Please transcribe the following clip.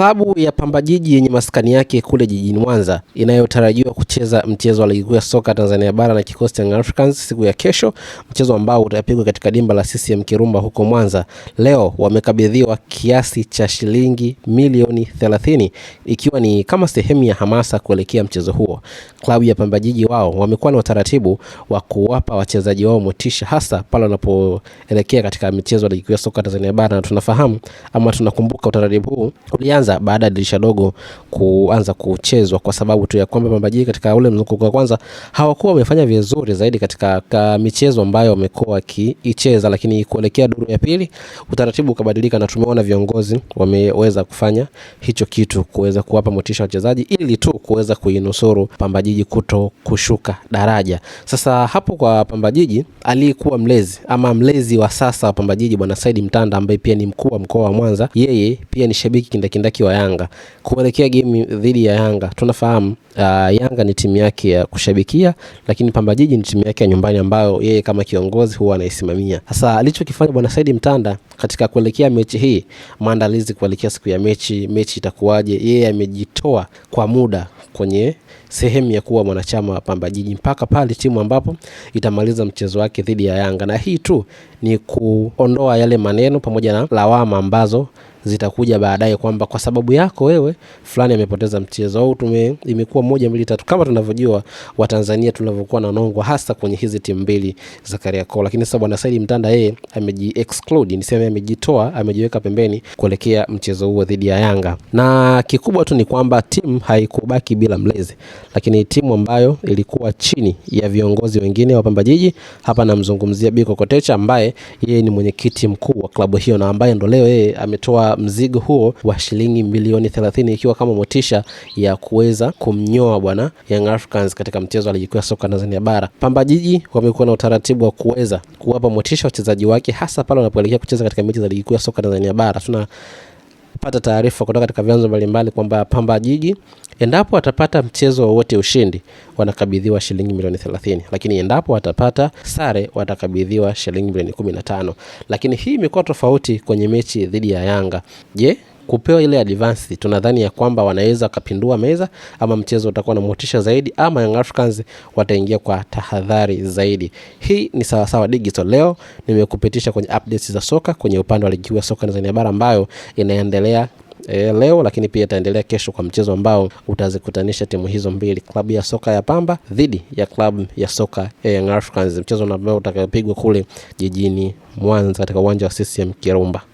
Klabu ya Pamba Jiji yenye maskani yake kule jijini Mwanza inayotarajiwa kucheza mchezo wa ligi kuu ya soka Tanzania bara na kikosi cha Africans siku ya kesho, mchezo ambao utapigwa katika dimba la CCM Kirumba huko Mwanza. Leo wamekabidhiwa kiasi cha shilingi milioni 30 ikiwa ni kama sehemu ya hamasa kuelekea mchezo huo. Klabu ya Pamba Jiji wao wamekuwa na utaratibu wa kuwapa wachezaji wao motisha, hasa pale wanapoelekea katika michezo ya ligi kuu ya soka Tanzania bara, na tunafahamu ama tunakumbuka utaratibu huu ulianza kwanza baada ya dirisha dogo kuanza kuchezwa kwa sababu tu ya kwamba Pamba katika ule mzunguko wa kwanza hawakuwa wamefanya vizuri zaidi katika ka michezo ambayo wamekuwa wakiicheza, lakini kuelekea duru ya pili utaratibu ukabadilika, na tumeona viongozi wameweza kufanya hicho kitu kuweza kuwapa motisha wachezaji ili tu kuweza kuinusuru pambajiji kuto kushuka daraja. Sasa hapo kwa pambajiji aliyekuwa mlezi ama mlezi wa sasa wa pambajiji Bwana Saidi Mtanda ambaye pia ni mkuu wa mkoa wa Mwanza, yeye pia ni shabiki kindakinda mshtaki wa Yanga kuelekea game dhidi ya Yanga. Tunafahamu uh, Yanga ni timu yake ya kushabikia, lakini Pamba Jiji ni timu yake ya nyumbani ambayo yeye kama kiongozi huwa anaisimamia. Sasa alichokifanya bwana Said Mtanda katika kuelekea mechi hii, maandalizi kuelekea siku ya mechi, mechi itakuwaje, yeye amejitoa kwa muda kwenye sehemu ya kuwa mwanachama wa Pamba Jiji mpaka pale timu ambapo itamaliza mchezo wake dhidi ya Yanga, na hii tu ni kuondoa yale maneno pamoja na lawama ambazo zitakuja baadaye kwamba kwa sababu yako wewe fulani amepoteza mchezo au tume imekuwa moja mbili tatu, kama tunavyojua Watanzania tunavyokuwa na nongwa, hasa kwenye hizi timu mbili za Kariakoo. Lakini sasa bwana Saidi Mtanda yeye ameji niseme amejitoa, amejiweka pembeni kuelekea mchezo huo dhidi ya Yanga, na kikubwa tu ni kwamba timu haikubaki bila mlezi, lakini timu ambayo ilikuwa chini ya viongozi wengine wa Pamba Jiji, hapa namzungumzia Biko Kotecha ambaye yeye ni mwenyekiti mkuu wa klabu hiyo na ambaye ndo leo yeye ametoa mzigo huo wa shilingi milioni 30 ikiwa kama motisha ya kuweza kumnyoa bwana Young Africans katika mchezo wa ligi kuu ya soka Tanzania bara. Pamba Jiji wamekuwa na utaratibu wa kuweza kuwapa motisha wachezaji wake hasa pale wanapoelekea kucheza katika mechi za ligi kuu ya soka Tanzania bara. tuna amepata taarifa kutoka katika vyanzo mbalimbali kwamba Pamba Jiji endapo watapata mchezo wowote ushindi wanakabidhiwa shilingi milioni 30, lakini endapo watapata sare watakabidhiwa shilingi milioni 15. Lakini hii imekuwa tofauti kwenye mechi dhidi ya Yanga. Je, kupewa ile advance, tunadhani ya kwamba wanaweza wakapindua meza ama mchezo utakuwa na motisha zaidi ama Young Africans wataingia kwa tahadhari zaidi. Hii ni Sawasawa Digital. Leo nimekupitisha kwenye updates za soka kwenye upande wa ligi ya soka Tanzania bara ambayo inaendelea E, leo lakini pia itaendelea kesho kwa mchezo ambao utazikutanisha timu hizo mbili, klabu ya soka ya Pamba dhidi ya klabu ya soka ya Young Africans, mchezo ambao utakayopigwa kule jijini Mwanza katika uwanja wa CCM Kirumba.